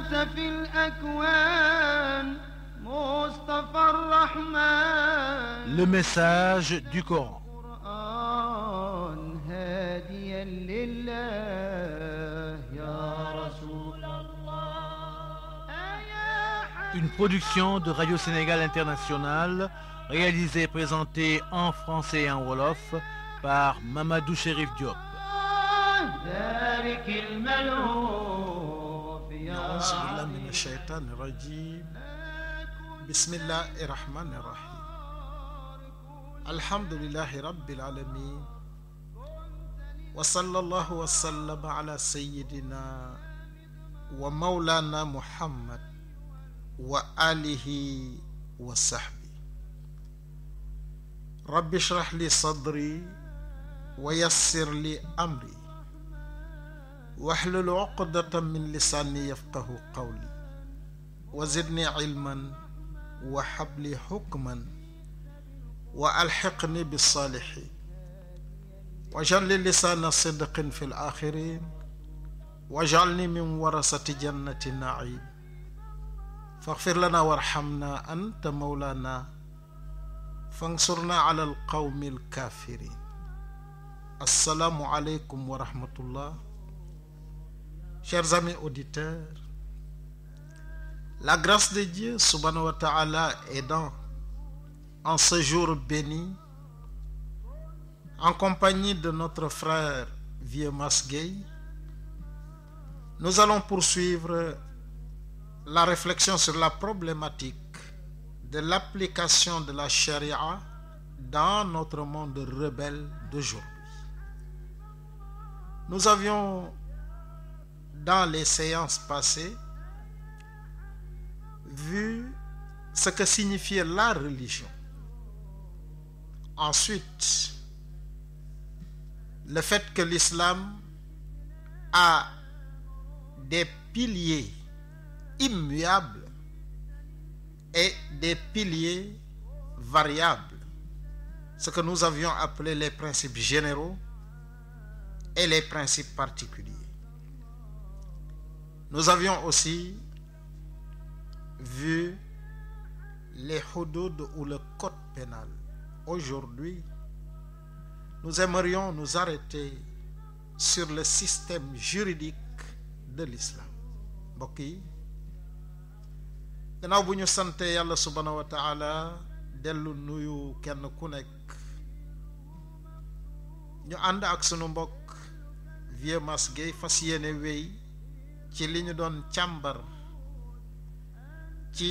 أنت في Le message du Coran هاديا لله يا رسول Une production de Radio Sénégal International réalisée et présentée en français et en wolof par Mamadou Chérif Diop bismillah min asheytaan irajim bismillahi irrahmani irrahim alhamdulilahi rabbil alamin wa sallallahu wa sallama ala sayidina wa mawlana muhammad wa alihi wa sahbi rabbi shrah li sadri wa yassir li amri waxlul uqdatan min lisaani yafqahu qawli wa zidni ilman wa xabli xukman wa alxiqni bisaalixiin wajal li lisaana sidqin fi laaxirin wajalni min warasati jannati naim faxfir lana warxamna anta mawlana fansurna ala alqawmi alkafirin assalaamu aleykum wa rahmatullah Chers amis auditeurs, la grâce de Dieu, subhanahu wa ta'ala, aidant en ce jour béni, en compagnie de notre frère Vieux Mass Gueye, nous allons poursuivre la réflexion sur la problématique de l'application de la charia dans notre monde rebelle d'aujourd'hui. Nous avions dans les séances passées vu ce que signifiait la religion. Ensuite, le fait que l'islam a des piliers immuables et des piliers variables, ce que nous avions appelé les principes généraux et les principes particuliers. Nous avions aussi vu les hudud ou le code pénal. Aujourd'hui, nu aimerions nous arrêter sur le système juridique de l'islam mbokk yi gannaaw bu ñu sante yàlla subhanahu wa taala dellu nuyu kenn ku nekk ñu ànd ak sunu mbokk Vieux Mass Guèye fas yéene wéy ci li ñu doon càmbar ci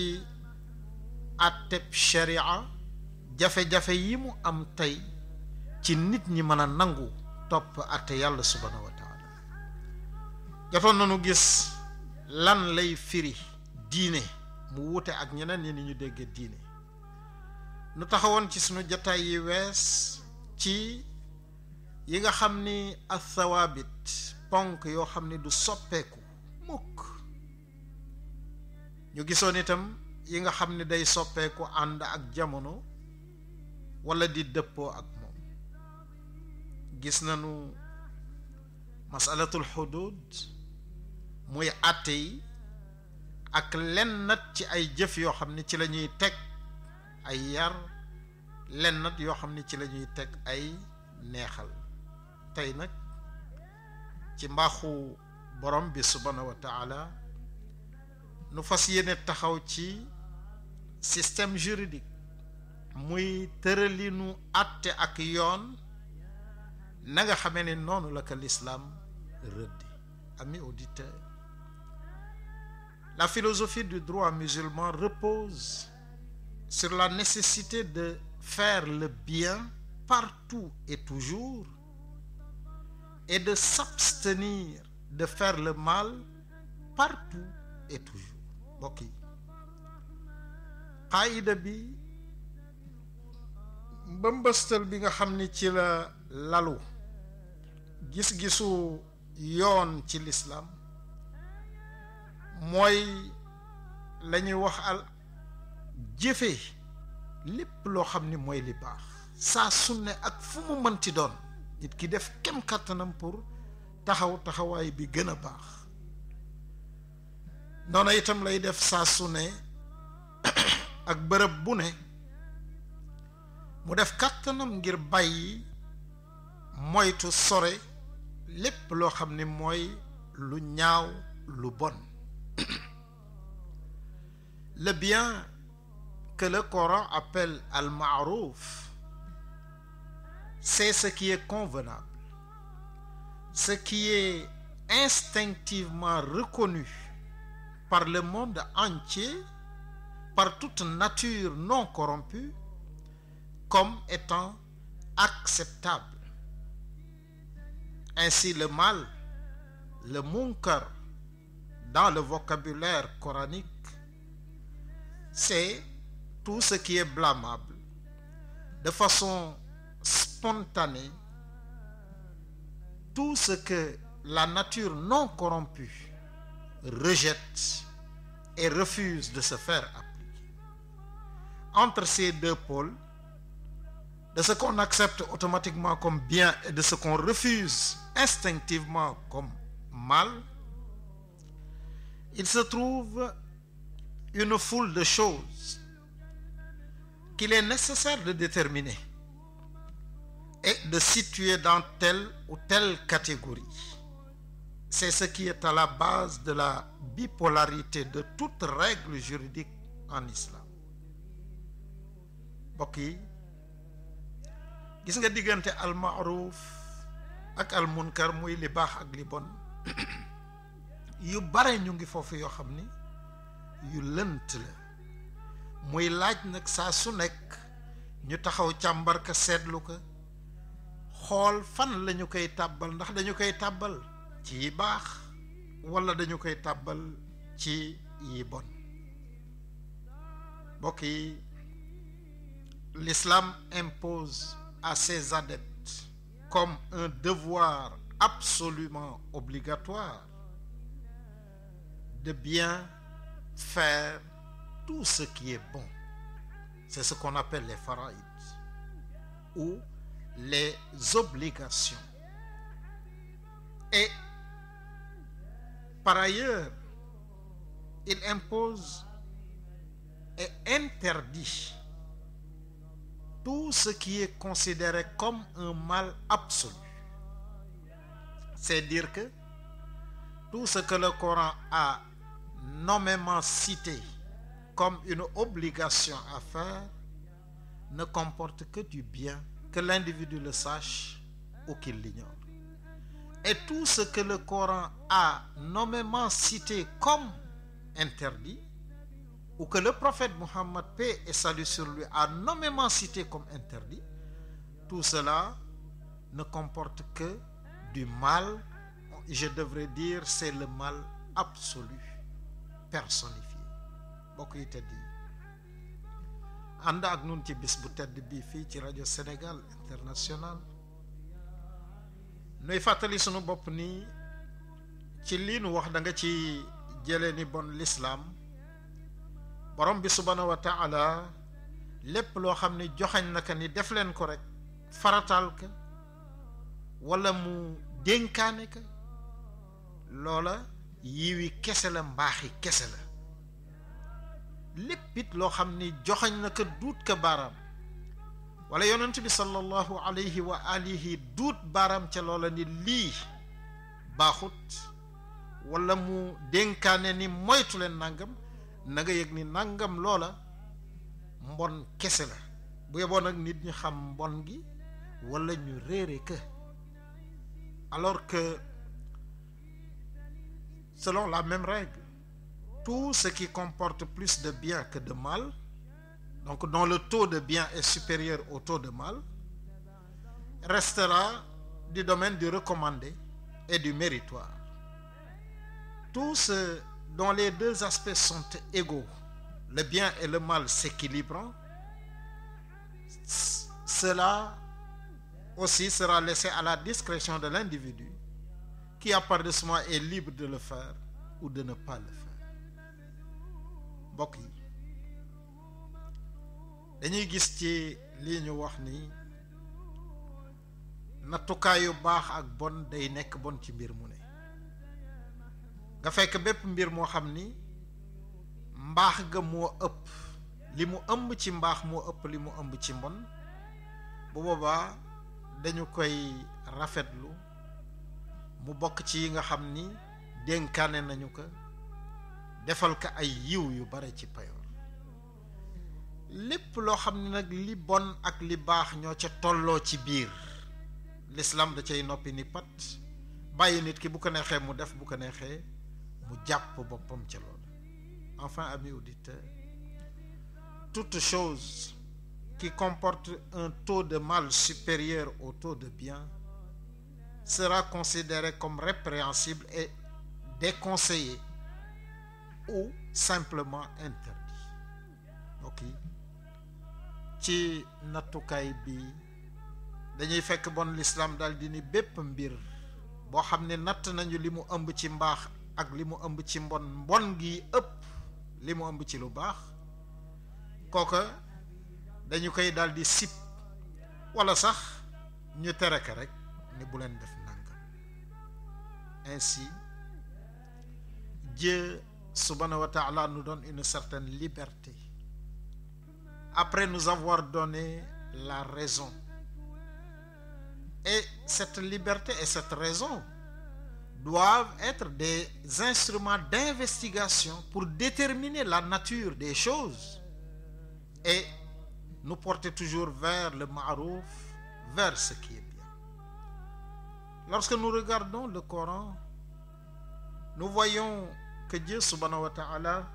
àtteb sharia jafe-jafe yi mu am tey ci nit ñi mën a nangu topp àtte yàlla subhaanahu wa jotoon nañu gis lan lay firi diine mu wuute ak ñeneen yi ni ñu déggee diine nu taxawoon ci sunu jataay yi wees ci yi nga xam ni athawaabit ponk yoo xam ni du soppeeku mukk ñu gisoon itam yi nga xam ne day soppeeku ànd ak jamono walla di dëppoo ak moom gis nañu masalatul xudud muy àtte yi ak lennat ci ay jëf yoo xam ne ci lañuy teg ay yar lennat yoo xam ne ci lañuy teg ay neexal tey nag ci mbaaxu borom bi subhanahu wa nu fas yéene taxaw ci système juridique muy tëralinu àtte ak yoon na nga ne noonu la ko l'islam rëddi amis auditeurs la philosophie du droit musulman repose sur la nécessité de faire le bien partout et toujours et de s'abstenir de faire le mal partout et toujours mbokk yi xaayida bi mbëmbëstal bi nga xam ni ci la lalu gis-gisu yoon ci lislaam mooy la ñuy wax al jëfe lépp loo xam ni mooy li baax saa su ak fu mu mënti doon nit ki def kem kàttanam pour taxaw taxawaay bi gën a baax noonu itam lay def saa ne ak bërëb bu ne mu def kàttanam ngir bàyyi moytu sore lépp loo xam ni mooy lu ñaaw lu bon le bien que le Coran appelle al-ma'rouf c'est ce qui est ce qui est instinctivement reconnu par le monde entier, par toute nature non corrompue, comme étant acceptable. Ainsi le mal, le munkar, dans le vocabulaire coranique, c'est tout ce qui est blâmable, de façon spontanée, tout ce que la nature non corrompue rejette et refuse de se faire appliquer. Entre ces deux pôles, de ce qu'on accepte automatiquement comme bien et de ce qu'on refuse instinctivement comme mal, il se trouve une foule de choses qu'il est nécessaire de déterminer et de situer dans telle ou telle catégorie. C'est ce qui est à la base de la bipolarité de toute règle juridique en islam mbokk yi gis nga diggante al maaruf ak al munkar muy li baax ak li bon yu bare ñu ngi foofu yoo xam ni yu lënt la muy laaj nag saa su nekk ñu taxaw càmbarka seetlu ko xool fan lañu koy tàbbal ndax dañu koy tàbbal ci yi baax wala dañu koy tàbbal ci yi bon mbokk yi l'islam impose à ses adeptes comme un devoir absolument obligatoire de bien faire tout ce qui est bon c'est ce qu'on appelle les faraïd les obligations. Et par ailleurs, il impose et interdit tout ce qui est considéré comme un mal absolu. C'est dire que tout ce que le Coran a nommément cité comme une obligation à faire ne comporte que du bien que l'individu le sache ou qu'il l'ignore. Et tout ce que le Coran a nommément cité comme interdit, ou que le prophète Mohammed, paix et salut sur lui, a nommément cité comme interdit, tout cela ne comporte que du mal, je devrais dire c'est le mal absolu, personnifié. mbokk ànd ak nun ci bis bu tedd bii fii ci rajo senegal International nuy fàttali sunu bopp ni ci liinu wax danga ci jële ni bon lislaam borom bi subhaanahu wa lépp loo xam ne joxañ naka ni def leen ko rek farataal ka wala mu dénkaane ka loola yiwi kese la mbaaxi kese la lépp it loo xam ni joxañ na ko duut ko baaraam wala yonent bi sallallahu alayhi wa alihi duut baaraam ca loola ni lii baaxut wala mu dénkaane ni moytu leen nàngam na yëg ni nàngam loola mbon kese la bu yeboon nag nit ñu xam mbon gi wala ñu réere que alors que selon la même tout ce qui comporte plus de bien que de mal, donc dont le taux de bien est supérieur au taux de mal, restera du domaine du recommandé et du méritoire. Tout ce dont les deux aspects sont égaux, le bien et le mal s'équilibrant, cela aussi sera laissé à la discrétion de l'individu qui à part de soi est libre de le faire ou de ne pas bokk yi dañuy gis ci lii ñu wax ni nattukaayu baax ak bon day nekk bon ci mbir mu ne nga fekk bépp mbir moo xam ni mbaax ga moo ëpp li mu ëmb ci mbaax moo ëpp li mu ëmb ci mbon bu boobaa dañu koy rafetlu mu bokk ci yi nga xam ni dénkaane nañu ko defal ko ay yiw yu bare ci payoor lépp loo xam ne nag li bon ak li baax ñoo ca tolloo ci biir l'islam da cay noppi ni pat bàyyi nit ki bu ko neexee mu def bu ko neexee mu jàpp boppam ca loolu enfin amis auditeurs toute chose qui comporte un taux de mal supérieur au taux de bien sera considérée comme répréhensible et déconseillée ou simplement interdit ok ci nattukaay bi dañuy fekk bon l'islam daldi ni bépp mbir boo xam ne natt nañu li mu ëmb ci mbaax ak li mu ëmb ci mbon mbon gi ëpp li mu ëmb ci lu baax kooka dañu koy daldi di sip wala sax ñu tere ko rek ni bu leen def nangam ainsi Dieu subhanahu wa ta'ala nous donne une certaine liberté. Après nous avoir donné la raison. Et cette liberté et cette raison doivent être des instruments d'investigation pour déterminer la nature des choses et nous porter toujours vers le ma'rouf, vers ce qui est bien. Lorsque nous regardons le Coran, nous voyons que Dieu subhanahu wa ta'ala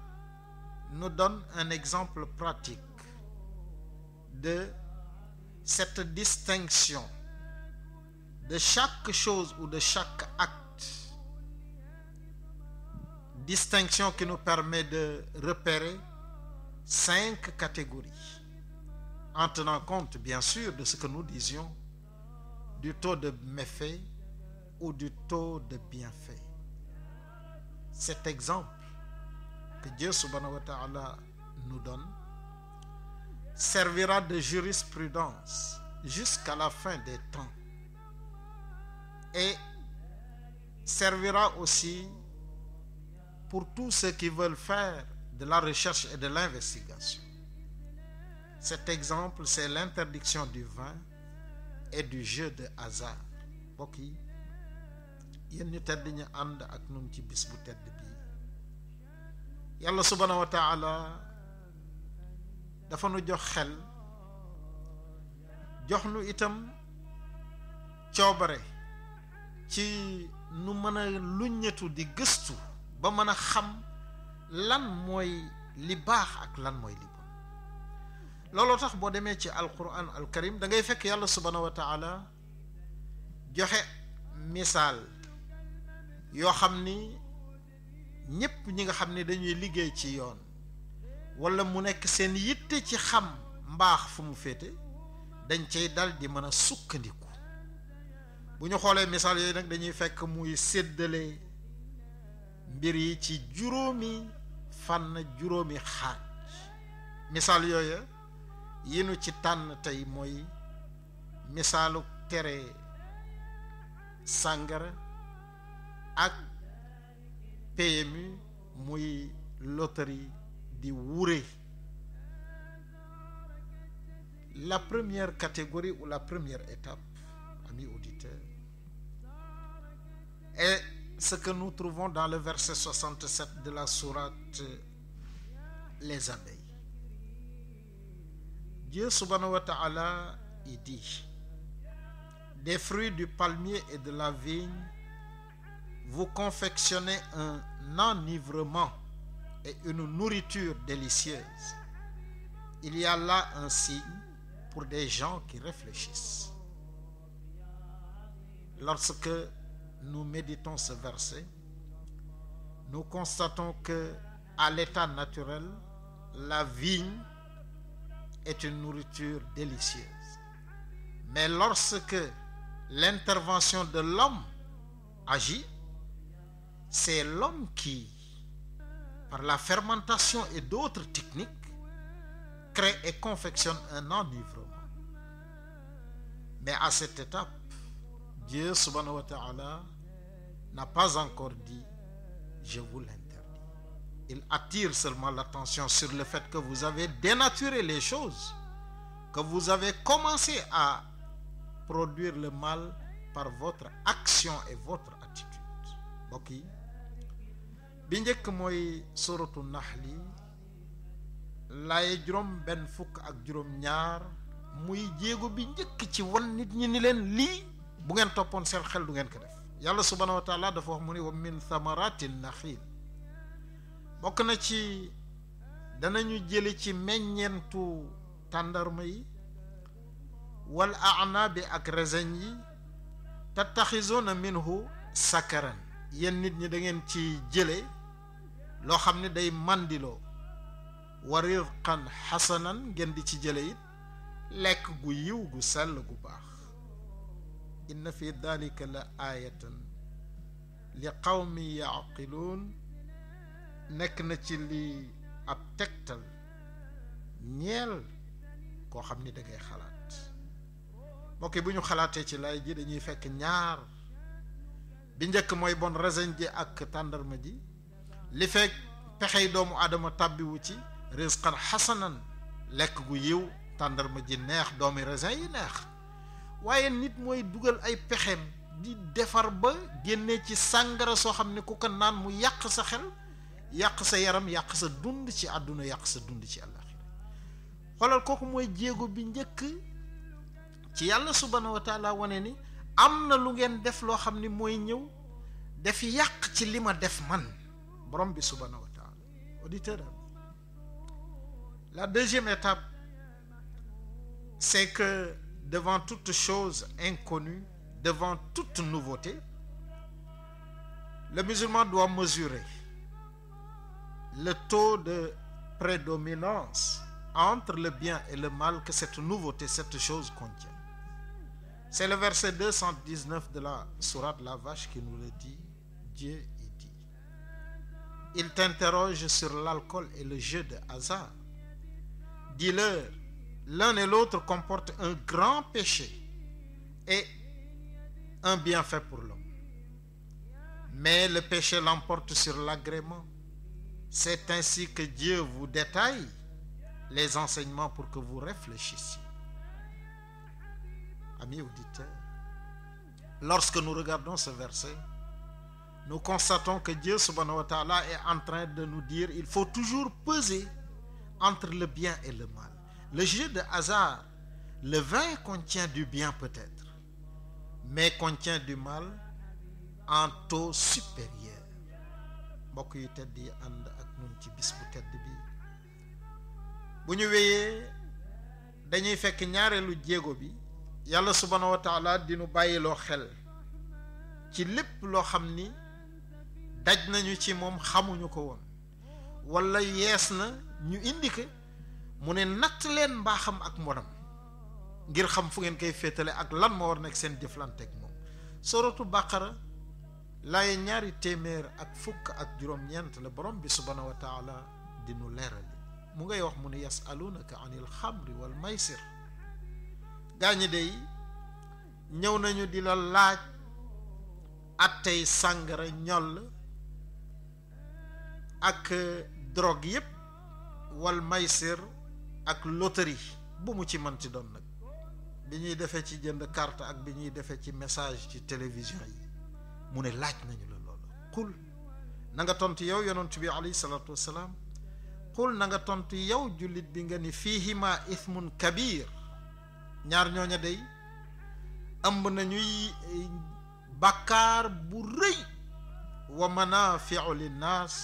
nous donne un exemple pratique de cette distinction de chaque chose ou de chaque acte distinction qui nous permet de repérer cinq catégories en tenant compte bien sûr de ce que nous disions du taux de méfait ou du taux de bienfait cet exemple que Dieu subhanahu wa ta'ala nous donne servira de jurisprudence jusqu'à la fin des temps et servira aussi pour tous ceux qui veulent faire de la recherche et de l'investigation. Cet exemple, c'est l'interdiction du vin et du jeu de hasard. yi yéen ñu tedd ñu ànd ak nun ci bis bu tedd bii yàlla subhaanahu wa taala dafa nu jox xel jox nu itam coobare ci nu mën a luññetu di gëstu ba mën a xam lan mooy li baax ak lan mooy li bon looloo tax boo demee ci alquran alkarim da ngay fekk yàlla subhaanahu wa taala joxe misaal yoo xam ni ñépp ñi nga xam ni dañuy liggéey ci yoon walla mu nekk seen yitte ci xam mbaax fu mu féete dañ cay dal di mën a sukkandiku bu ñu xoolee misaal yooyu nag dañuy fekk muy séddale mbir yi ci juróomi fànn juróomi xaaj misaal yooya yi ci tànn tey mooy misaaluk tere sàngara ak PMU muy loterie di wuure la première catégorie ou la première étape amis auditeurs est ce que nous trouvons dans le verset 67 de la sourate les abeilles Dieu subhanahu wa y dit des fruits du palmier et de la vigne vous confectionnez un enivrement et une nourriture délicieuse. Il y a là un signe pour des gens qui réfléchissent. Lorsque nous méditons ce verset, nous constatons que, à l'état naturel, la vigne est une nourriture délicieuse. Mais lorsque l'intervention de l'homme agit, c'est l'homme qui, par la fermentation et d'autres techniques, crée et confectionne un enivrement. Mais à cette étape, Dieu subhanahu n'a pas encore dit je vous l'interdis. Il attire seulement l'attention sur le fait que vous avez dénaturé les choses, que vous avez commencé à produire le mal par votre action et votre attitude. bi njëkk mooy suratu naxli laay juróom benn fukk ak juróom ñaar muy jéego bi njëkk ci wan nit ñi ni leen lii bu ngeen toppoon seen xel du ngeen ko def yàlla subhaanahu wa taala dafa wax mu ni wa min thamarati naxil bokk na ci danañu jële ci meññentu tàndarma yi wal anaabi ak reseñ yi tattaxizuuna minhu sakaran yéen nit ñi dangeen ci jële loo xam ne day màndiloo wa rizqan xasanan ngeen di ci jële it lekk gu yiw gu sell gu baax na fi dalika la aayatan li qawmi yaqiluun nekk na ci li ab tegtal ñeel koo xam ni da xalaat mbokk bu ñu xalaatee ci lay ji dañuy fekk ñaar bi njëkk mooy bon raisin ji ak tàndarma ji li fekk pexey doomu aadama tàbbiwu ci risqan xasanan lekk gu yiw tàndarma ji neex doomi raisin yi neex waaye nit mooy dugal ay pexeem di defar ba génne ci sàngara soo xam ne ku ko naan mu yàq sa xel yàq sa yaram yàq sa dund ci àdduna yàq sa dund ci àllaxira xoolal kooku mooy jéego bi njëkk ci yàlla subhanahu wa taala wane ni am na lu ngeen def loo xam ni mooy ñëw daf yàq ci li ma def man borom bi subhaanahu wa taala auditeur am la deuxième étape c'est que devant toute chose inconnue devant toute nouveauté le musulman doit mesurer le taux de prédominance entre le bien et le mal que cette nouveauté cette chose contient C'est le verset 219 de la sourate La Vache qui nous le dit. Dieu y dit. Il t'interroge sur l'alcool et le jeu de hasard. Dis-leur, l'un et l'autre comportent un grand péché et un bienfait pour l'homme. Mais le péché l'emporte sur l'agrément. C'est ainsi que Dieu vous détaille les enseignements pour que vous réfléchissiez. amis auditeurs, lorsque nous regardons ce verset, nous constatons que Dieu subhanahu wa ta'ala est en train de nous dire il faut toujours peser entre le bien et le mal. Le jeu de hasard, le vin contient du bien peut-être, mais contient du mal en taux supérieur. mbokk yu tedd yi ànd ak ñun ci bis bu yàlla subhaanahu wa taala dinu bàyyiloo xel ci lépp loo xam ni daj nañu ci moom xamuñu ko woon wala yees na ñu indi ko mu ne natt leen mbaaxam ak mbonam ngir xam fu ngeen koy féetale ak lan moo war nekk seen jëflanteeg moom soratu bàqara lay ñaari téeméer ak fukk ak juróom-ñeent la borom bi subhaanahu wa taala leer leerali mu ngay wax mu ne yasalunaka anil xamri wal maysir gaañi dey ñëw nañu di la laaj attey sàngara ñoll ak drogue yépp wal maysir ak loterie bu mu ci mënti doon nag bi ñuy defee ci jënd kart ak bi ñuy defee ci message ci télévision yi mu ne laaj nañu la loolu xul na nga tontu yow yonent bi alayhi salaatu wasalaam xul na nga tontu yow jullit bi nga ni fiihima ithmun kabir ñaar ñooña day ëmb nañuy eh, bàkkaar bu rëy wa manafiu linnaas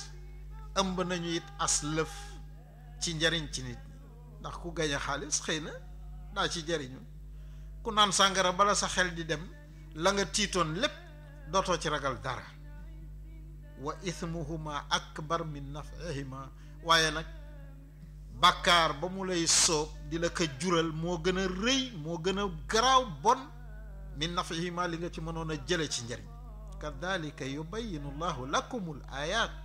ëmb nañu it lëf ci njariñ ci nit ndax ku gañe xaalis xëy na daa ci jariñu ku naan sàngara bala sa xel di dem la nga tiitoon lépp dootoo ci ragal dara wa ithmuhuma akbar min nafihima waaye nag bàkkaar ba mu lay soob di la ko jural moo gën a rëy moo gën a garaaw bon min nafihima li nga ci mënoon a jële ci njëriñ kadalika yubayinu llahu lakumul ayat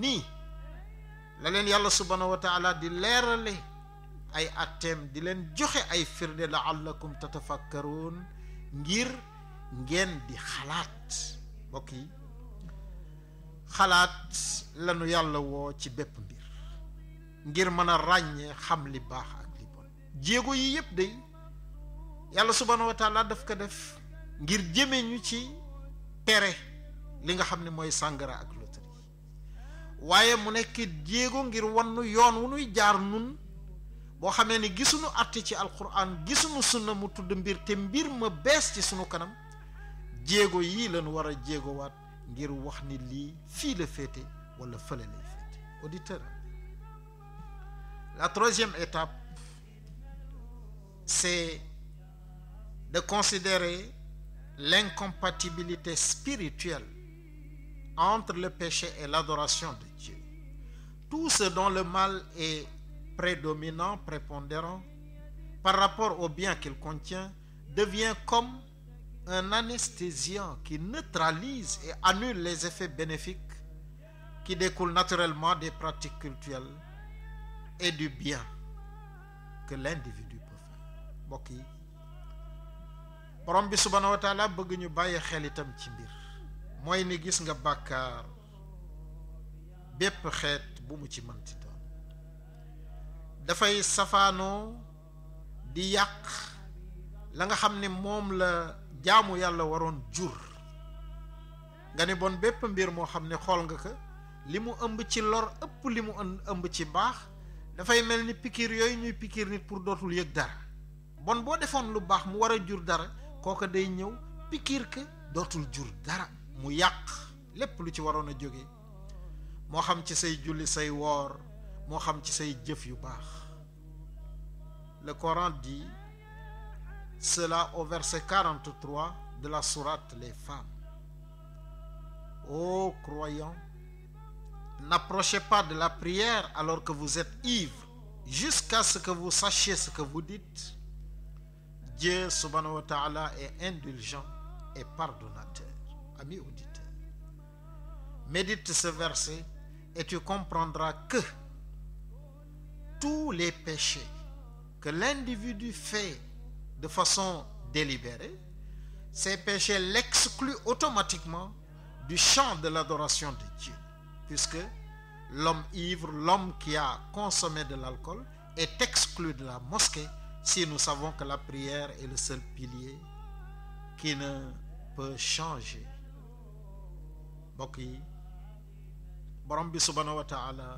nii la leen yàlla subhanahu wa di leerale ay atteem di leen joxe ay firnde laallakum tatafakkaroon ngir ngeen di xalaat mbokk yi xalaat lanu yàlla woo ci bépp bi ngir mën a ràññee xam li baax ak li bon jéego yi yëpp day yàlla subhaanahu wa taala daf ko def ngir jëme ñu ci pere li nga xam ne mooy sàngara ak loterie waaye mu nekk jéego ngir wannu yoon wu nuy jaar nun boo xamee ni gisuñu àtte ci alquran gisuñu sunna mu tudd mbir te mbir ma bees ci sunu kanam jéego yii lañu war a jéegowaat ngir wax ni lii fii la féete wala fële lay féete auditeur La troisième étape, c'est de considérer l'incompatibilité spirituelle entre le péché et l'adoration de Dieu. Tout ce dont le mal est prédominant, prépondérant, par rapport au bien qu'il contient, devient comme un anesthésiant qui neutralise et annule les effets bénéfiques qui découlent naturellement des pratiques cultuelles et du bien que yi borom bi subhaanahu wa taala bëgg ñu bàyyi xel itam ci mbir mooy ni gis nga bàkkaar bépp xeet bu mu ci mënti dafay safaanoo di yàq la nga xam ne moom la jaamu yàlla waroon jur nga ne bon bépp mbir moo xam ne xool nga ko li mu ëmb ci lor ëpp li mu ëmb ci baax dafay mel ni pikiir yooyu ñuy pikiir nit pour dootul yëg dara bon boo defoon lu baax mu war a jur dara kooka day ñëw pikiir ke dootul jur dara mu yàq lépp lu ci waroon a jóge moo xam ci say julli say woor moo xam ci say jëf yu baax le Coran dit cela au verset 43 de la sourate les femmes ô N'approchez pas de la prière alors que vous êtes ivre, jusqu'à ce que vous sachiez ce que vous dites. Dieu subhanahu est indulgent et pardonnateur. Ami auditeur, médite ce verset et tu comprendras que tous les péchés que l'individu fait de façon délibérée, ces péchés l'excluent automatiquement du champ de l'adoration de Dieu. puisque l'homme ivre, l'homme qui a consommé de l'alcool est exclu de la mosquée si nous savons que la prière est le seul pilier qui ne peut changer mbokk yi borom bi subhanahu wa taala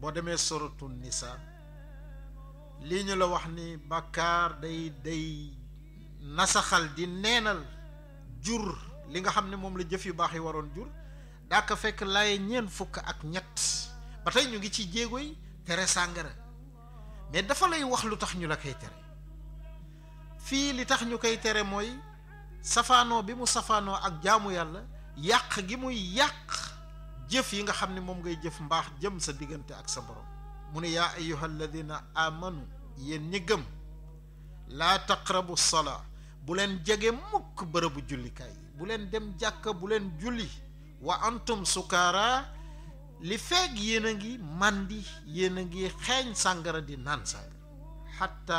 boo demee soratu nisa lii ñu la wax ni bàkkaar day day nasaxal di neenal jur li nga xam ne moom la jëf yu baax yi waroon jur daa ko fekk laay ñeent fukk ak ñett ba tey ñu ngi ci jéego yi tere sàngara mais dafa lay wax lu tax ñu la koy tere fii li tax ñu koy tere mooy safaanoo bi mu safaanoo ak jaamu yàlla yàq gi muy yàq jëf yi nga xam ne moom ngay jëf mbaax jëm sa diggante ak sa borom mu ne yaa ayyuha alladina amanu yéen ñi gëm laa taqrabu salaa bu leen jege mukk bërëbu jullikaay bu leen dem jàkka bu leen julli wa antum sukaara li feeg yéen a ngi màndi yéen a ngi xeeñ sàngara di naan sàngara xatta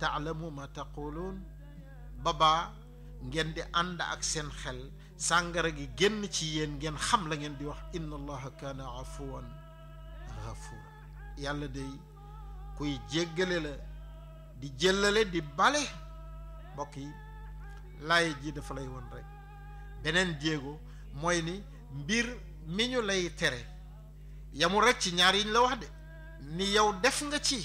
taalamu ma taquluun baba ngeen di ànd ak seen xel sàngara gi génn ci yéen ngeen xam la ngeen di wax inna allaha kaana afuwan ghafuur yàlla day kuy jéggale la di jëllale di bale mbokk yi laay ji dafa lay won rekk beneen jéego mooy ni mbir mi ñu lay tere yamul rek ci ñaar yi la wax de ni yow def nga ci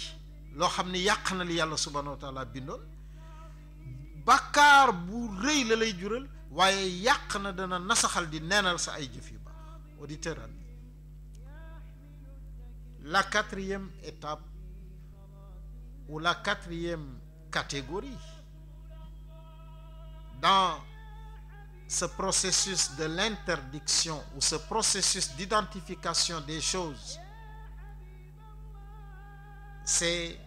loo xam ni yàq na li yàlla subhaanahu wa taala bindoon bàkkaar bu rëy la lay jural waaye yàq na dana nasaxal di neenal sa ay jëf yu baax auditeur la quatrième étape ou la quatrième catégorie ce processus de l'interdiction ou ce processus d'identification des choses, c'est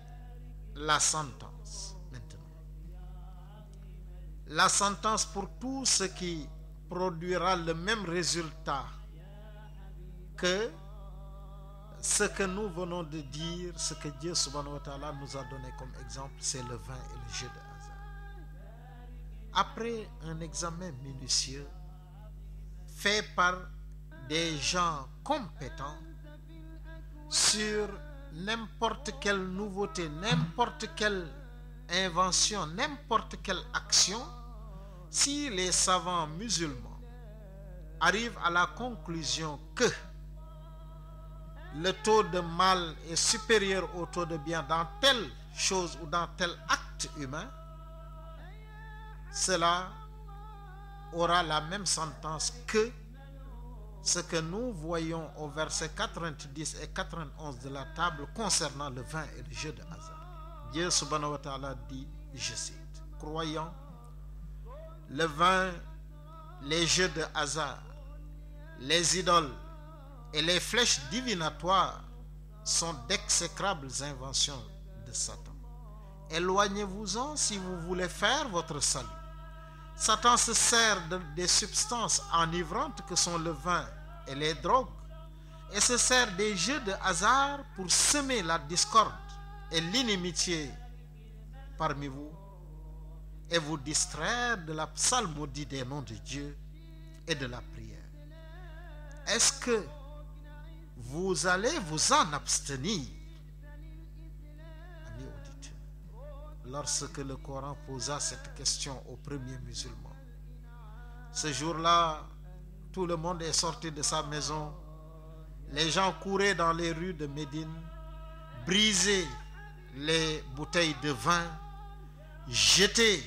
la sentence maintenant. La sentence pour tout ce qui produira le même résultat que ce que nous venons de dire, ce que Dieu subhanahu wa ta'ala nous a donné comme exemple, c'est le vin et le après un examen minutieux fait par des gens compétents sur n'importe quelle nouveauté, n'importe quelle invention, n'importe quelle action, si les savants musulmans arrivent à la conclusion que le taux de mal est supérieur au taux de bien dans telle chose ou dans tel acte humain, cela aura la même sentence que ce que nous voyons au verset 90 et 91 de la table concernant le vin et le jeu de hasard. Dieu subhanahu wa ta'ala dit, je le vin, les jeux de hasard, les idoles et les flèches divinatoires sont d'exécrables inventions de Satan. Éloignez-vous-en si vous voulez faire votre salut. Satan se sert de, des substances enivrantes que sont le vin et les drogues et se sert des jeux de hasard pour semer la discorde et l'inimitié parmi vous et vous distraire de la psalmodie des noms de Dieu et de la prière. Est-ce que vous allez vous en abstenir? lorsque le Coran posa cette question au premier musulman. Ce jour-là, tout le monde est sorti de sa maison. Les gens couraient dans les rues de Médine, brisaient les bouteilles de vin, jetaient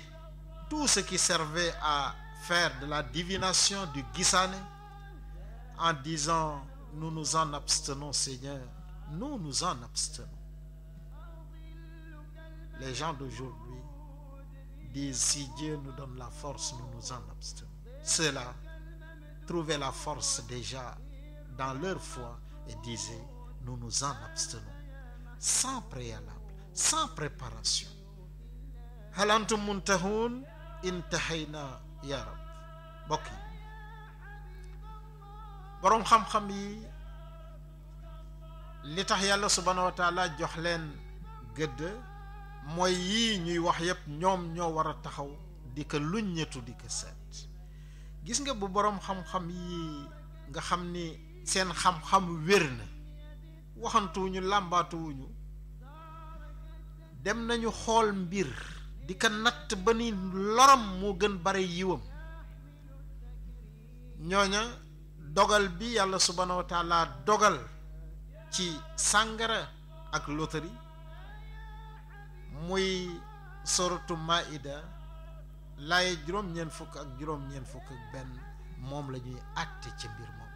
tout ce qui servait à faire de la divination du Ghissané en disant, nous nous en abstenons Seigneur, nous nous en abstenons. Les gens d'aujourd'hui disent si Dieu nous donne la force, nous nous en abstenons. Ceux-là la force déjà dans leur foi et disaient nous nous en abstenons, sans préalable, sans préparation. hal antum muntahun intahayna yaa rab mbokk yi yi li tax yàlla subhanahu wa taala jox leen gëdd mooy yii ñuy wax yépp ñoom ñoo war a taxaw di ko luññetu di ko seet gis nga bu boroom xam-xam yi nga xam ni seen xam-xam wér na waxantuwuñu làmbaatuwuñu dem nañu xool mbir di ko natt ba ni loram moo gën bare yiwam ñooña dogal bi yàlla subhaanahu dogal ci sàngara ak loterie muy soratu maida laaye juróom-ñeen fukk ak juróom-ñeen fukk ak benn moom la ñuy àtte ci mbir moom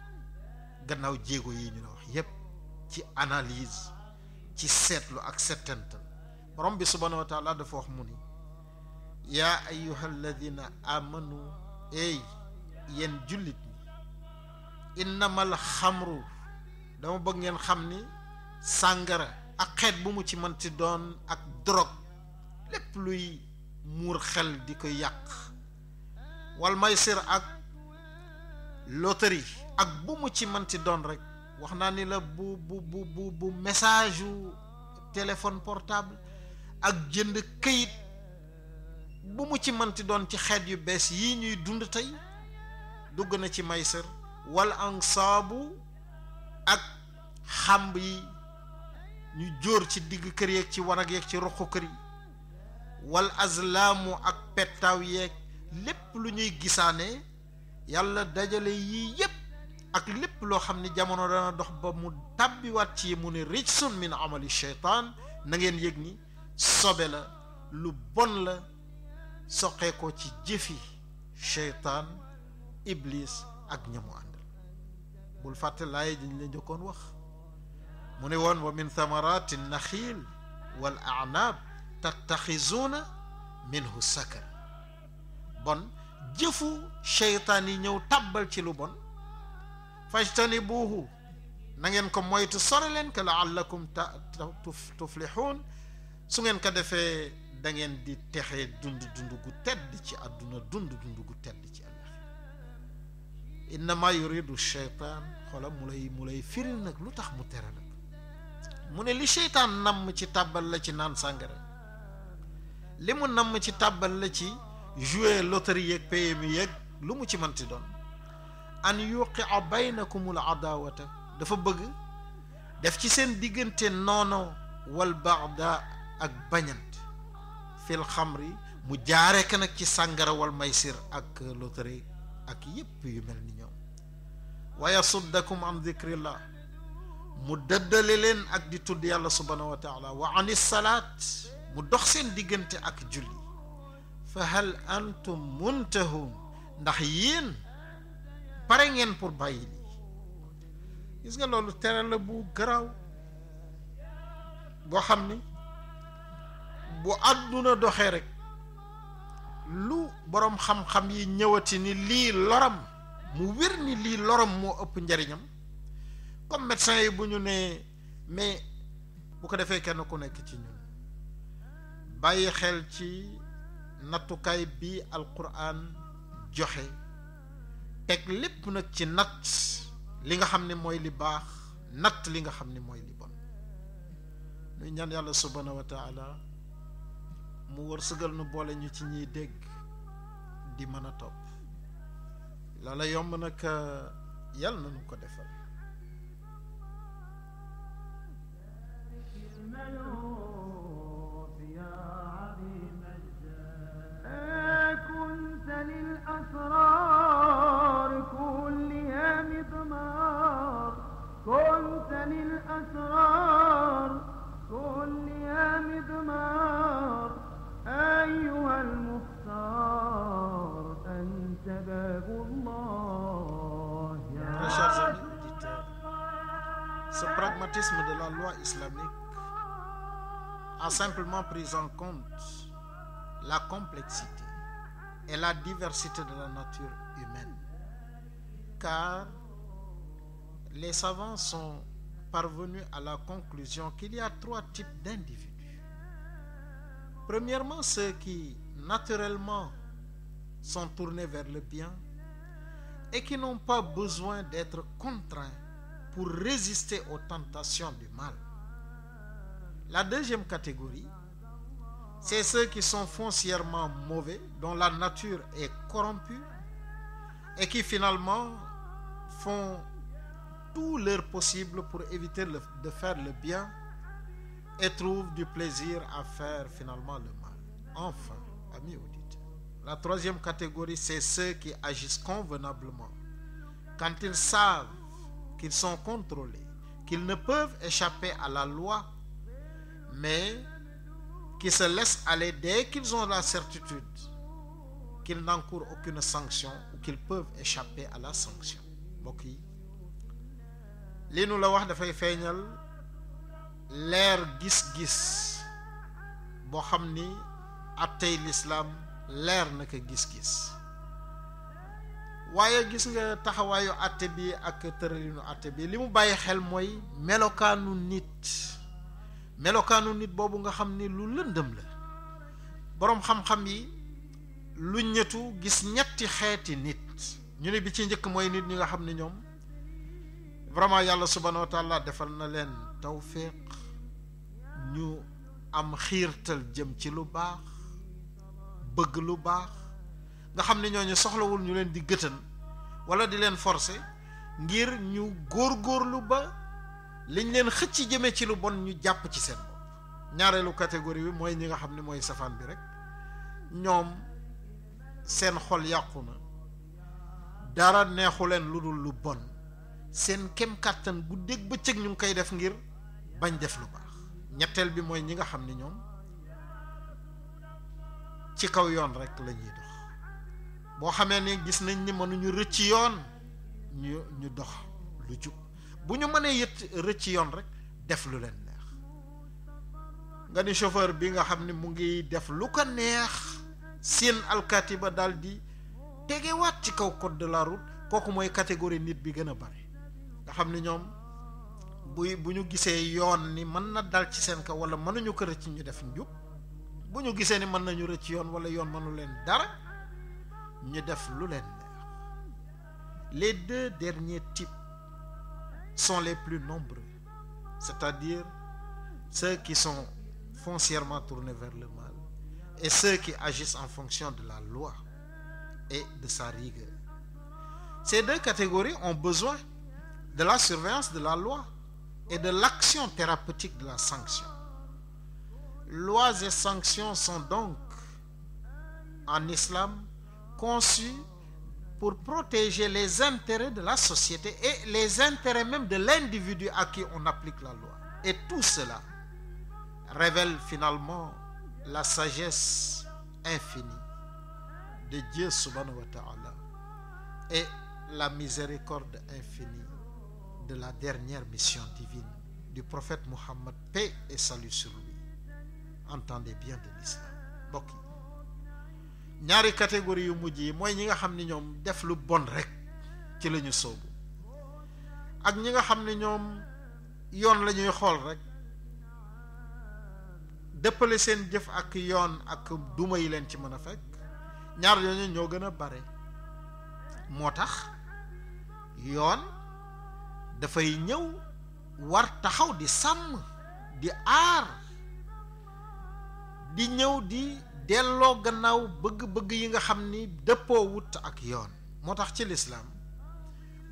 gannaaw jéego yi ñu la wax yépp ci analyse ci seetlu ak settantal borom bi subhaanahu wa dafa wax mu ni yaa ayyuha alladina amanu ey yenn jullit ñi innamal xamru dama bëgg ngeen xam ni sàngara ak xeet bu mu ci mënti doon ak drogue lépp luy muur xel di ko yàq wal maysir ak loteri ak bu mu ci mënti doon rek wax naa ni la bu bu bu bu message yu téléphone portable ak jënd këyit bu mu ci mënti doon ci xeet yu bees yi ñuy dund tey dugg na ci maysir wal ansaabu ak xàmb yi ñu jóor ci digg kër yeeg ci wanag yeeg ci roqu kër yi wal azlaamu ak pettaaw yeeg lépp lu ñuy gisaane yàlla dajale yii yépp ak lépp loo xam ne jamono dana dox ba mu tàbbiwaat ci mu ne rijsun min amali sheytaan nangeen yëg ni sobe la lu bon la soqee ko ci jëfi sheytaan ibliis ak ñamu àndal bul fàtte laay dañ leen jokkoon wax mu ne woon wa min thamarati naxiil wal anaab tattaxisuuna minhu sakar bon jëfu seytaan yi ñëw tàbbal ci lu bon fajtanibuuhu na ngeen ko moytu sore leen que laallakum ta tuflixuun su ngeen ko defee da ngeen di texe dund dund gu tedd ci àdduna dund dund gu tedd ci àllaxira innama yuridu cheytaan xoola mu lay mu lay lu tax mu tere mu ne li seytaan namm ci tàbbal la ci naan sàngara li mu namm ci tàbbal la ci jouer loterie yeeg PMU yeeg lu mu ci mënti doon an yuqia baynakumul adawata dafa bëgg def ci seen diggante noono wal baada ak bañant fil xamri mu jaare ka nag ci sàngara wal maysir ak loterie ak yépp yu mel ni ñoom wa yasuddakum an dikrillah mu dëddale leen ak di tudd yàlla subhaanahu wa taala wa an salaat mu dox seen diggante ak julli fa hal antum muntahun ndax yéen pare ngeen pour bàyyi lii gis nga loolu tere la bu garaw boo xam ni bu àdduna doxee rek lu boroom xam-xam yi ñëwati ni lii loram mu wér ni lii loram moo ëpp njariñam comme médecin yi bu ñu nee mais bu ko defee kenn ku nekk ci ñun bàyyi xel ci nattukaay bi alquran joxe teg lépp nag ci natt li nga xam ne mooy li baax natt li nga xam ni mooy li bon ñuy ñaan yàlla subhanahu wa mu mu wërsëgal nu boole ñu ci ñiy dégg di mën a topp lala yomb nag yàlla na nu ko defal pragmatisme de la loi islamique a simplement pris en compte la complexité et la diversité de la nature humaine, car les savants sont parvenus à la conclusion qu'il y a trois types d'individus. Premièrement, ceux qui naturellement sont tournés vers le bien et qui n'ont pas besoin d'être contraints pour résister aux tentations du mal. La deuxième catégorie, c'est ceux qui sont foncièrement mauvais, dont la nature est corrompue et qui finalement font tout leur possible pour éviter le, de faire le bien et trouvent du plaisir à faire finalement le mal. Enfin, amis auditeurs, la troisième catégorie, c'est ceux qui agissent convenablement quand ils savent qu'ils sont contrôlés, qu'ils ne peuvent échapper à la loi mais qui se laissent aller dès qu'ils ont la certitude qu'ils n'encourent aucune sanction ou qu'ils peuvent échapper à la sanction yi li nu la wax dafay feeñal leer gis-gis boo xam ni attey lislaam leer na gis-gis waaye gis nga taxawaayu àtte bi ak tëralinu àtte bi li mu bàyyi xel mooy melokaanu nit melokaanu nit boobu nga xam ni lu lëndëm la boroom xam-xam yi lu ñëtu gis ñetti xeeti nit ñu ne bi ci njëkk mooy nit ñi nga xam ne ñoom vraiment yàlla subhaanahu wa defal na leen tawfiq ñu am xiirtal jëm ci lu baax bëgg lu baax nga xam ne ñooñu soxlawul ñu leen di gëtën wala di leen forcer ngir ñu góor góorlu ba liñ leen xëcc jëmee ci lu bon ñu jàpp ci seet bopp ñaareelu catégorie bi mooy ñi nga xam ne mooy safaan bi rek ñoom seen xol yàqu na dara neexu leen lu dul lu bon seen kem kàttan bu dégg bëccëg ñu ngi koy def ngir bañ def lu baax ñetteel bi mooy ñi nga xam ni ñoom ci kaw yoon rek la dox boo xamee ne gis nañ ni mënuñu rëcc yoon ñu ñu dox lu jub bu ñu mënee yët rëcc yoon rek def lu leen neex nga ni chauffeur bi nga xam ne mu ngi def lu ko neex seen alkaati ba daldi tegewaat ci kaw code de la route kooku mooy catégorie nit bi gën a bare nga xam ne ñoom bu bu ñu gisee yoon ni mën na dal ci seen kaw wala mënuñu ko rëcc ñu def njub bu ñu gisee ni mën nañu rëcc yoon wala yoon mënu leen dara ñu def lu leen neex les deux derniers sont les plus nombreux, c'est-à-dire ceux qui sont foncièrement tournés vers le mal et ceux qui agissent en fonction de la loi et de sa rigueur. Ces deux catégories ont besoin de la surveillance de la loi et de l'action thérapeutique de la sanction. Lois et sanctions sont donc en islam conçues pour protéger les intérêts de la société et les intérêts même de l'individu à qui on applique la loi. Et tout cela révèle finalement la sagesse infinie de Dieu subhanahu wa ta'ala et la miséricorde infinie de la dernière mission divine du prophète Mohammed, paix et salut sur lui. Entendez bien de l'islam. ñaari catégorie yu mujj yi mooy ñi nga xam ne ñoom def lu bon rek ci la ñu sóobu ak ñi nga xam ne ñoom yoon la ñuy xool rek dëppale seen jëf ak yoon ak duma yi leen ci mën a fekk ñaar yooyu ñoo gën a bare moo tax yoon dafay ñëw war taxaw di sàmm di aar di ñëw di delloo gannaaw bëgg-bëgg yi nga xam ni dëppoo wut ak yoon moo tax ci lislaam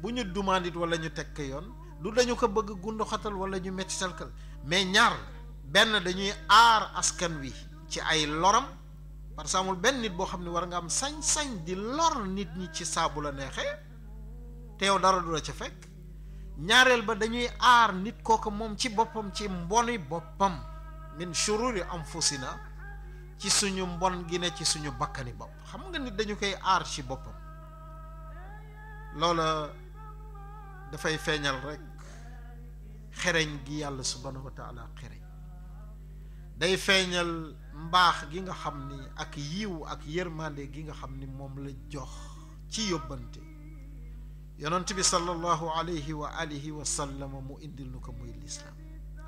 bu ñu dumandit walla ñu teg yoon du dañu ko bëgg gunduxatal wala ñu mettital ko mais ñaar benn dañuy aar askan wi ci ay loram parce que benn nit boo xam ne war nga am sañ-sañ di lor nit ñi ci saabu la neexee te yow dara du la ca fekk ñaareel ba dañuy aar nit kooku moom ci boppam ci mboni boppam min shururi anfusina ci suñu mbon gi ne ci suñu bakkani bopp xam nga nit dañu koy aar ci boppam loola dafay feeñal rek xereñ gi yàlla subhanahu wa xereñ day feeñal mbaax gi nga xam ni ak yiw ak yërmande gi nga xam ni moom la jox ci yóbbante yonent bi sallallahu alayhi wa alihi wa sallam mu indil nu ko muy l'islam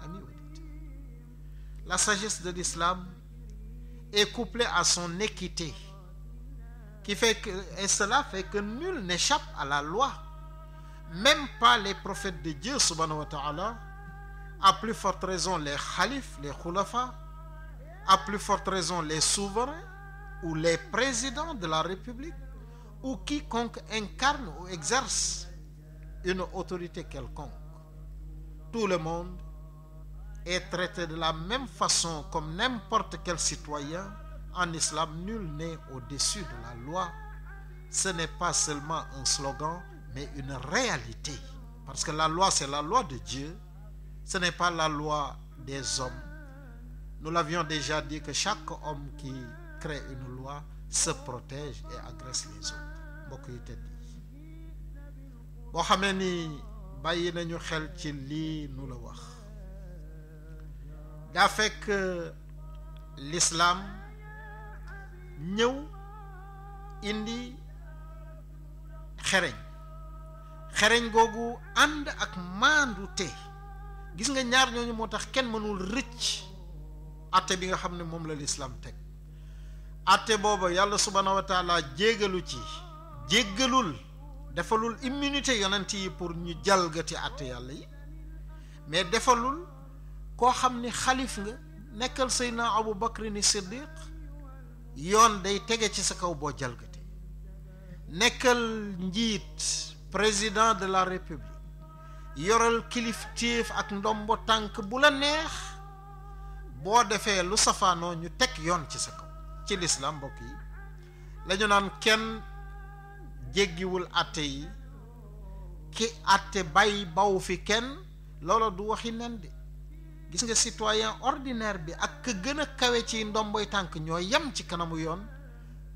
ami wadit la sagesse de l'islam est couplé à son équité qui fait que et cela fait que nul n'échappe à la loi même pas les prophètes de Dieu subhanahu wa ta'ala à plus forte raison les khalifs les khulafas à plus forte raison les souverains ou les présidents de la République ou quiconque incarne ou exerce une autorité quelconque tout le monde est traité de la même façon comme n'importe quel citoyen, en islam, nul n'est au-dessus de la loi. Ce n'est pas seulement un slogan, mais une réalité. Parce que la loi, c'est la loi de Dieu. Ce n'est pas la loi des hommes. Nous l'avions déjà dit que chaque homme qui crée une loi se protège et agresse les autres mbokk yi tedd yi boo xamee ni bàyyi nañu xel ci lii nu la wax daa fekk euh, lislaam ñëw indi xereñ xereñ googu ànd ak maandu te gis nga ñaar ñooñu moo tax kenn mënul rëcc atte bi nga xam ne moom la lislaam teg atte booba yàlla subhaanahu wa taala jéggalu ci jéggalul defalul immunité yonent yi pour ñu jalgati atte yàlla yi mais defalul koo xam ni xalif nga nekkal seydna abu bakri ni siddiq yoon day tege ci sa kaw boo jalgati nekkal njiit président de la république yoral kilifteef ak ndombo tànk bu la neex boo defee lu safaanoo ñu teg yoon ci sa kaw ci lislaam mbokk yi lañu naan kenn jéggiwul àtte yi ki àtte bay baw fi kenn loola du waxi nen de gis nga citoyen ordinaire bi ak ka gën a kawe ci ndomboy tànk ñoo yem ci kanamu yoon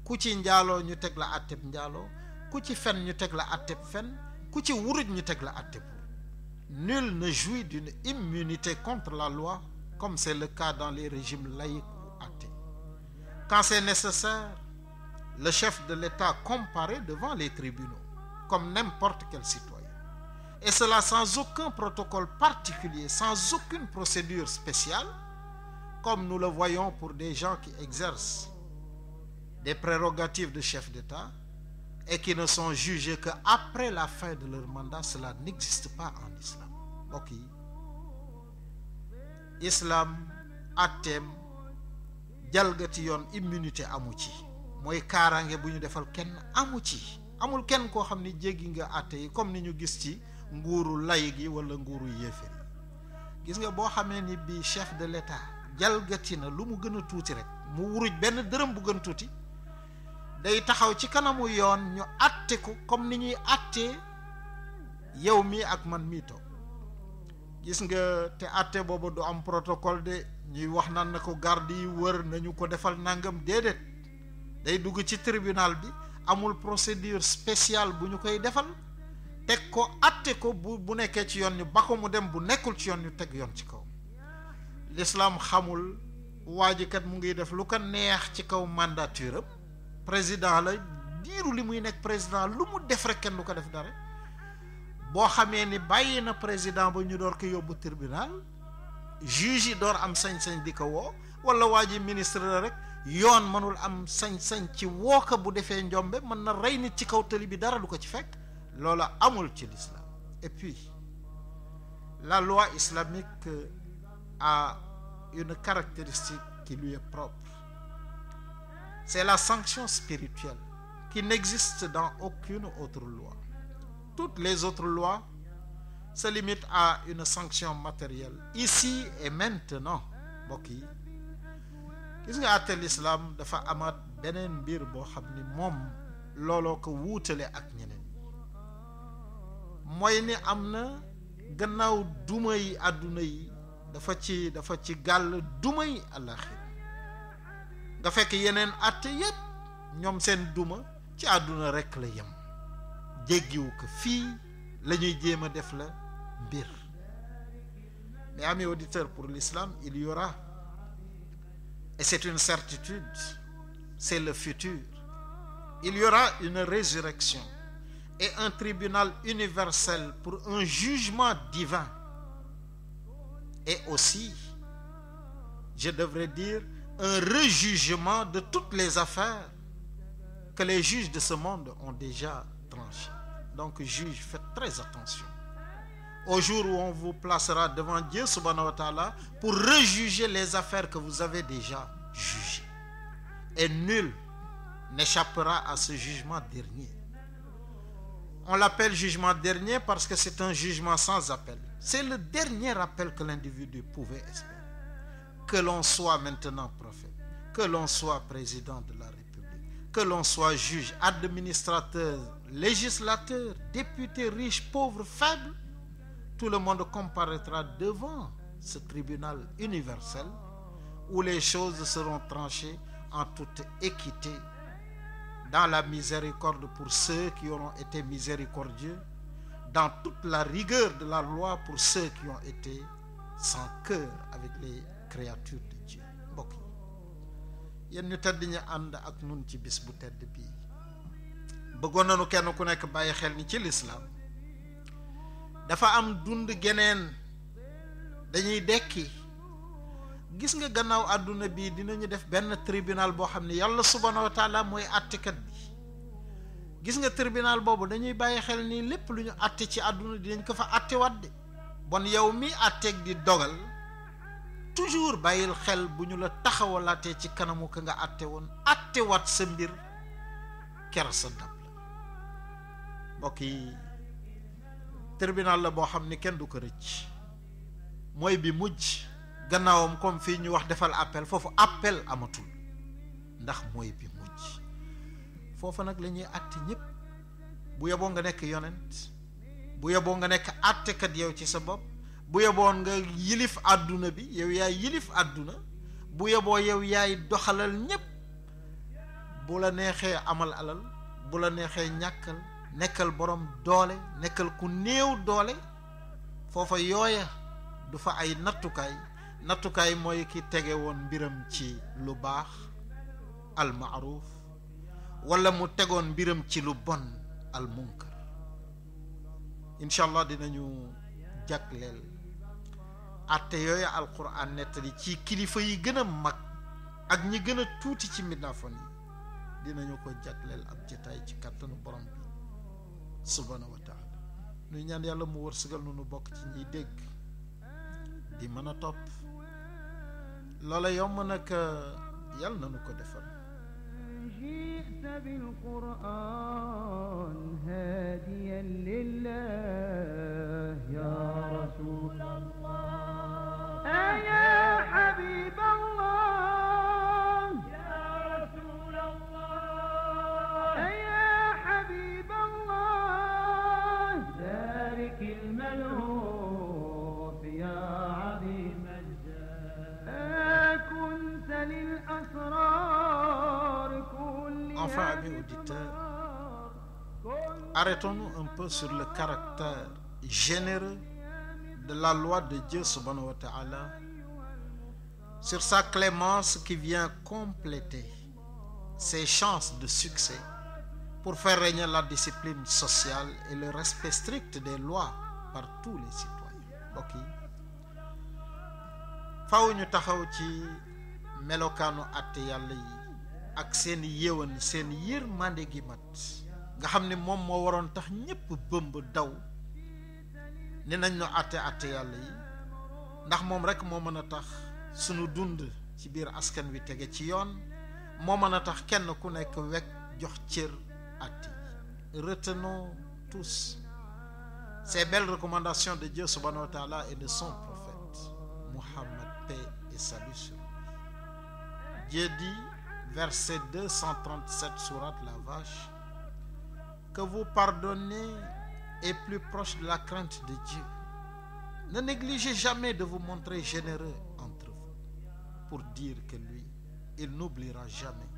ku ci njaaloo ñu teg la àtteb njaaloo ku ci fen ñu teg la àtteb fen ku ci wuruj ñu teg la àtteb nul ne jouit d'une immunité contre la loi comme c'est le cas dans les régimes laïques ou athées quand c'est nécessaire le chef de l'État comparaît devant les tribunaux comme n'importe quel citoyen et cela sans aucun protocole particulier, sans aucune procédure spéciale, comme nu la voyons pour des gens qui exercent des prérogatives de chef d'État et qui ne sont jugés qu'après la fin de leur mandat, cela n'existe pas en islam. Mbokk yi islam atteem jalgati yoon immunité amu ci mooy kaaraange bu ñu defal kenn amu ci amul kenn koo xam ni jéggi nga àtte comme ni ñu gis ci nguuru lay gi wala nguuru yéefér gis nga boo xamee ni bi chef de l'état jalgati na lu mu gën a tuuti rek mu wuruj benn dërëm bu gën tuuti day taxaw ci kanamu yoon ñu àtte ko comme ni ñuy àttee yow mii ak man mii toog gis nga te àtte boobu du am protocole de ñuy wax naan na ko garde yi wër nañu ko defal nangam déedéet day dugg ci tribunal bi amul procédure spéciale bu ñu koy defal teg ko atte ko bu bu nekkee ci yoon ñu ba ko mu dem bu nekkul ci yoon ñu teg yoon ci kaw lislaam xamul waa ji mu ngi def lu ko neex ci kaw mandature am président la diiru li muy nekk président lu mu def rek kenn du ko def dara boo xamee ni bàyyi na président ba ñu door ki yóbbu tribunal juge yi door am sañ-sañ di ko woo wala waa ji ministre la rek yoon mënul am sañ-sañ ci woo ko bu defee njombe mën na rey nit ci kaw tëli bi dara du ko ci fekk loola amul ci et puis la loi islamique a une caractéristique qui lui est propre c'est la sanction spirituelle qui n'existe dans aucune autre loi toutes les autres lois se limitent à une sanction matérielle ici et maintenant mbokk yi gis nga àtte l'islam dafa amaat beneen mbir boo xam ni moom looloo ko wuutale ak ñeneen mooy ni am na gannaaw duma yi àdduna yi dafa ci dafa ci gàll dumay yi àllaaxira nga fekk yeneen àtte yépp ñoom seen duma ci àdduna rekk la yem jéggiwu ko fii lañuy jéem a def la mbir mais amis auditeurs pour l'islam il y et c'est une certitude c'est le futur il y aura une résurrection et un tribunal universel pour un jugement divin. Et aussi, je devrais dire, un rejugement de toutes les affaires que les juges de ce monde ont déjà tranchées. Donc, juges, faites très attention. Au jour où on vous placera devant Dieu subhanahu wa ta'ala pour rejuger les affaires que vous avez déjà jugées. Et nul n'échappera à ce jugement dernier. On l'appelle jugement dernier parce que c'est un jugement sans appel. C'est le dernier appel que l'individu pouvait espérer. Que l'on soit maintenant prophète, que l'on soit président de la République, que l'on soit juge, administrateur, législateur, député, riche, pauvre, faible, tout le monde comparaîtra devant ce tribunal universel où les choses seront tranchées en toute équité dans la miséricorde pour ceux qui auront été miséricordieux, dans toute la rigueur de la loi pour ceux qui ont été sans cœur avec les créatures de Dieu mbokk yi ñu tedd ñu ànd ak nun ci bis bu tedd bii bëggoon nañu kenn ku nekk bàyyi xel ni ci lislaam dafa am dund geneen dañuy dekki gis nga gannaaw àdduna bi dinañu def benn tribunal boo xam ne yàlla subhaanahu wa taala mooy àttekat bi gis nga tribunal boobu dañuy bàyyi xel nii lépp lu ñu àtte ci àdduna dinañ ko fa àttewaat de bon yow mi àtteeg di dogal toujours bàyyil xel bu ñu la taxawalaatee ci kanamu ka nga àtte woon àttewaat sa mbir ker sa dab la mbokk yi la boo xam ne kenn du ko rëcc mooy bi mujj gannaawam comme fii ñu wax defal appel foofu appel amatul ndax mooy bi mujj foofa nag lañuy ñuy àtte ñëpp bu yeboo nga nekk yonent bu yeboo nga nekk àttekat yow ci sa bopp bu yeboon nga yilif àdduna bi yow yaay yilif àdduna bu yeboo yow yaay doxalal ñëpp bu la neexee amal alal bu la neexee ñàkkal nekkal borom doole nekkal ku néew doole foofa yooya du fa ay nattukaay nattukaay mooy ki tege woon mbiram ci lu baax almaaruf wala mu tegoon mbiram ci lu bon al munkar incha allah dinañu jagleel atte yooyu alquran nettali ci kilifa yi gën a mag ak ñi gën a tuuti ci midnafon yi dinañu ko jagleel ab jataay ci kàttanu borom bi subhaanahu wa nuy ñaan yàlla mu wërsëgal nu bokk ci ñiy dégg di mën a topp loola yomb nag euh, yàlla na nu ko defal ya rasul arrêtons-nous un peu sur le caractère généreux de la loi de Dieu subhanahu wa ta'ala, sur sa clémence qui vient compléter ses chances de succès pour faire régner la discipline sociale et le respect strict des lois par tous les citoyens mbokk yi faw ñu taxaw ci melokaanu àtte yàlla yi ak seen yéwan seen yërmande gi nga xam ne moom moo waroon tax ñépp bëmb daw ne nañ ñu àtte àtte yi ndax moom rek moo mën a tax sunu dund ci biir askan wi tege ci yoon moo mën a tax kenn ku nekk wekk jox cër àtte yi retenons tous ces belles recommandations de Dieu subhanahu wa ta'ala et de son prophète Mohammed paix et salut sur lui Dieu dit verset 237 sourate la vache que vous pardonnez est plus proche de la crainte de Dieu. Ne négligez jamais de vous montrer généreux entre vous pour dire que lui, il n'oubliera jamais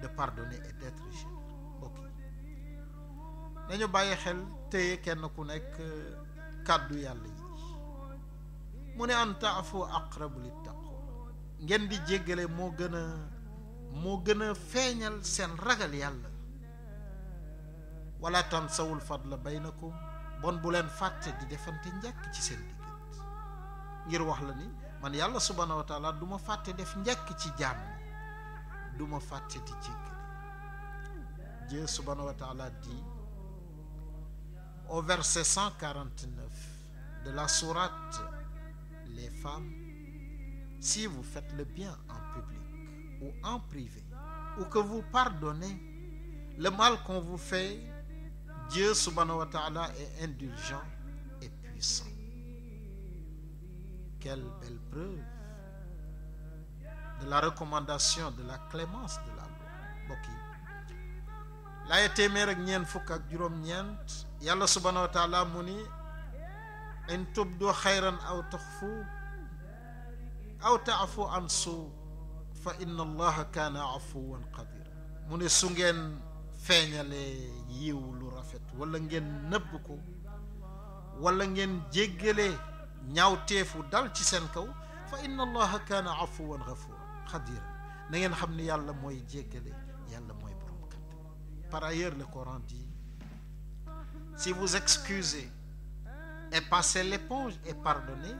de pardonner et d'être généreux. mbokk yi nañu bàyyi xel téye kenn ku nekk kàddu yàlla yi mu ne an taafu aqrabu lit taqwa ngeen di jéggale moo gën a moo gën a feeñal seen ragal yàlla wala tansawul fadla baynakum bon bu leen fàtte di defante njëkk ci seen diggante ngir wax la ni man yàlla subhaanahu duma fàtte def njëkk ci jàmm du ma fàtte di jéggale Dieu subhaanahu wa taala au verset de la sourate les femmes si vous faites le bien en public ou en privé ou que vous pardonnez le mal qu'on vous fait Dieu subhanahu wa ta'ala est indulgent et puissant. Quelle belle preuve de la recommandation de la clémence de la loi mbokk yi laay téeméer fukk ak juróom-ñeent yàlla subhanahu wa ta'ala mu ni in tubdu xayran aw taxfu aw taafu fa inna allaha kaana afuwan qadira su ngeen feeñalee yiw lu rafet walla ngeen nëbb ko wala ngeen jéggalee ñaawteefu dal ci seen kaw fa inna allaha kaana afuwan ghafuura xadira ngeen xam ne yàlla mooy jéggale yàlla mooy borom kat par ailleurs le Coran dit si vous excusez et passez l'éponge et pardonnez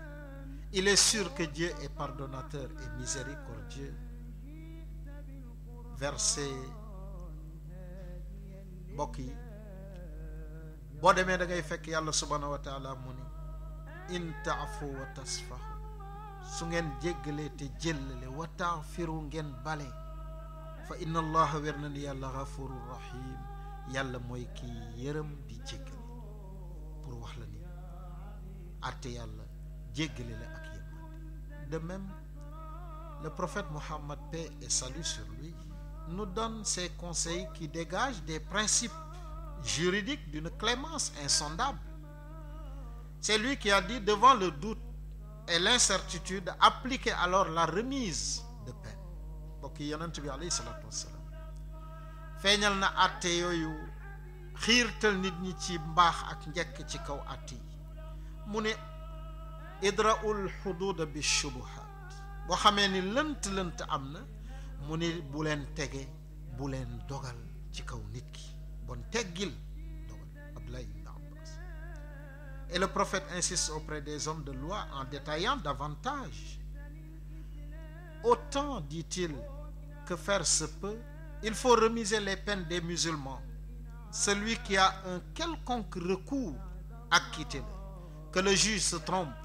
il est sûr que Dieu est pardonnateur et miséricordieux mbokk yi boo demee dangay fekk yàlla subhaanahu wa taala mu ni in taafu wa su ngeen jéggalee te jëllale wa taafiru ngeen bale fa inna allaha wér na ni yàlla gafuru rahim yàlla mooy kii yërëm di jéggale pour wax la ni àtte yàlla jéggale la ak yërmande de même le prophète Mohammed paix et salut nous donne ces conseils qui dégagent des principes juridiques d'une clémence insondable. C'est lui qui a dit devant le doute et l'incertitude, appliquez alors la remise de peine. bokk yonent bi alayhi salaatu wassalaam feeñal na àtte yooyu xiirtal nit ñi ci mbaax ak njekk ci kaw àtte yi mu ne idraul xuduuda bi shubuhat boo xamee ni lënt lënt am na mu bu leen tege bu leen dogal ci kaw nit ki bon teggil dogal Abdullah ibn Abbas et le prophète insiste auprès des hommes de loi en détaillant davantage autant dit-il que faire se peut il faut remiser les peines des musulmans celui qui a un quelconque recours acquittez-le que le juge se trompe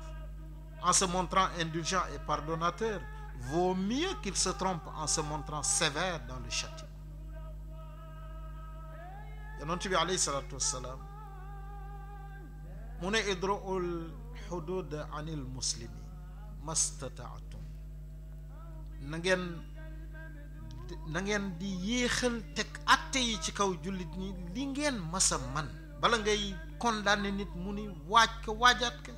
en se montrant indulgent et pardonnateur vaut mieux qu'il se trompe en se montrant sévère dans le châtiment yonent bi alayhi salaatu wassalaam mu ne idroul xudud anil muslimin mastataatum na ngeen na ngeen di yéexal teg atte yi ci kaw jullit ñi li ngeen ma man bala ngay condamné nit mu ni waaj ko waajaat ko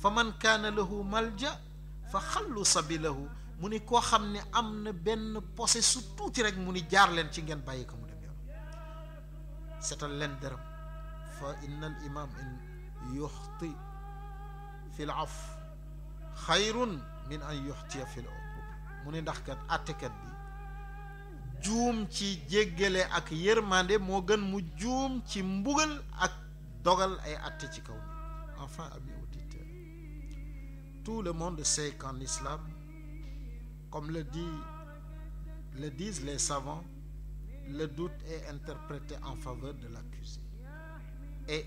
fa man kaana lahu malja fa xallu sabilahu mu ni koo xam ne am na benn posé su tuuti rek mu ni jaar leen ci ngeen bàyyi ko mu dem yoon setal leen dërëm fa inna al imam in yuxti af xayrun min an yuxtiya fi l uqub mu ne ndax kat àttekat bi juum ci jéggale ak yërmande moo gën mu juum ci mbugal ak dogal ay àtte ci kaw enfin amis auditeurs tout le monde sait qu'en islam Comme le, dit, le disent les savants, le doute est interprété en faveur de l'accusé. Et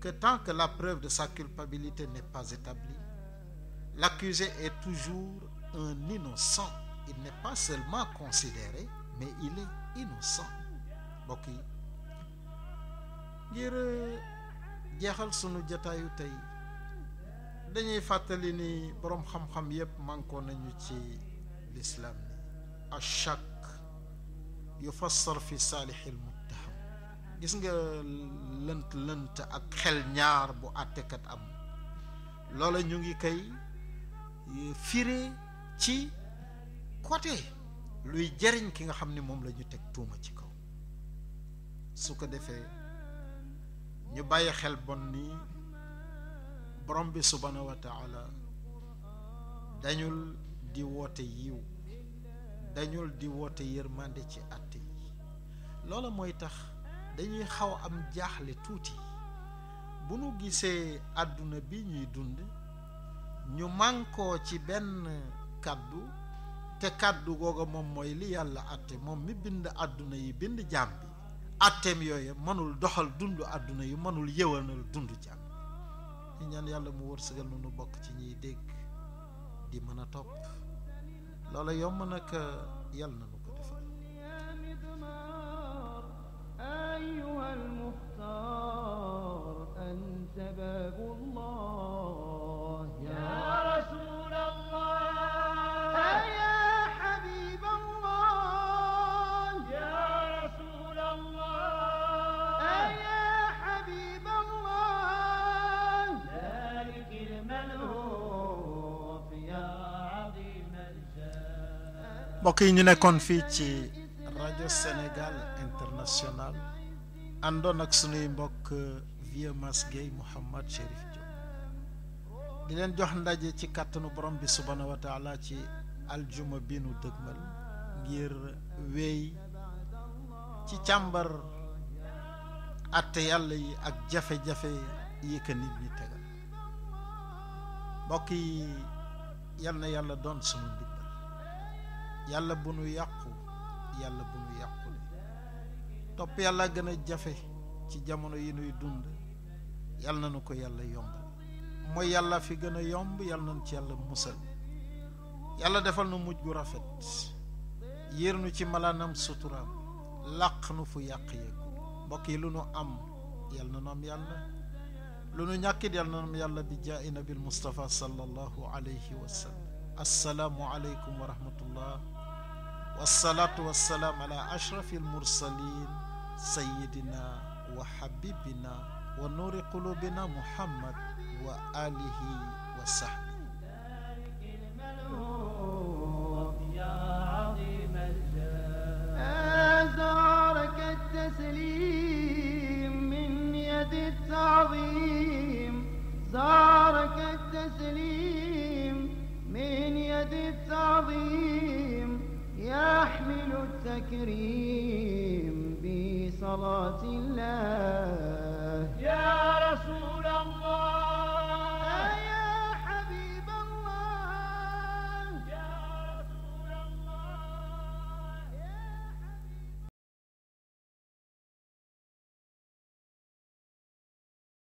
que tant que la preuve de sa culpabilité n'est pas établie, l'accusé est toujours un innocent. Il n'est pas seulement considéré, mais il est innocent. mbokk yi euh, sunu jataayu tey dañuy fàttali ni boroom xam-xam yépp mànkoo nañu ci lislaam ni yu yufassar fi saalihil muttaham gis nga lënt lënt ak xel ñaar bu àttekat am loola ñu ngi kay e, fire ci côté luy jariñ ki nga xam ni moom lañu teg tuuma ci kaw su ko defee ñu bàyyi xel bon ni borom bi subhaanahu wa taala dañul di woote yiw dañul di woote yërmande ci àtte yi loola mooy tax dañuy xaw am jaaxle tuuti bu nu gisee àdduna bi ñuy dund ñu mànkoo ci benn kàddu te kàddu googa moom mooy li yàlla àtte moom mi bind àdduna yi bind jaam bi àtteem yooyu mënul doxal dund àdduna yi mënul yëwanal dund jaam di ñaan yàlla mu wërsëgal nu bokk ci ñiy dégg di mën a topp loola yomb nag yàlla nu ko defal أيها المختار أنت باب الله mbokk yi ñu nekkoon fii ci rajo Sénégal international àndoon ak sunuy mbokk vieux Mass Guèye Mouhamad Chérif Diop di leen jox ndaje ci kàttanu borom bi subhaanahu wa ci aljuma bi nu dëgmal ngir wéy ci càmbar àtte yàlla yi ak jafe-jafe yi ko nit ñi tegal mbokk yi yal na yàlla doon sunu yàlla bu nu yàqu yàlla bu nu yàqule topp yàlla gën a jafe ci jamono yi nuy dund yàlla na nu ko yàlla yomb mooy yàlla fi gën a yomb yàlla na nu ci yàlla musal yàlla defal nu mujj gu rafet yéer nu ci malaanam suturaam làq nu fu yàq yi mbokk yi lu nu am yàlla na nu am yàlla lu nu ñàkkit yàlla na nu am yàlla bi jaa i nabil Mustafa sallallahu alayhi wa sallam aleykum wa rahmatullah wasalaatu wasalaam ala ashrafi almursalin sayidina wa habibina wa nuuri qulubina muhammad wa alihi wa sahbi زارك التسليم من يد التعظيم يحمل التكريم بصلاة الله يا رسول الله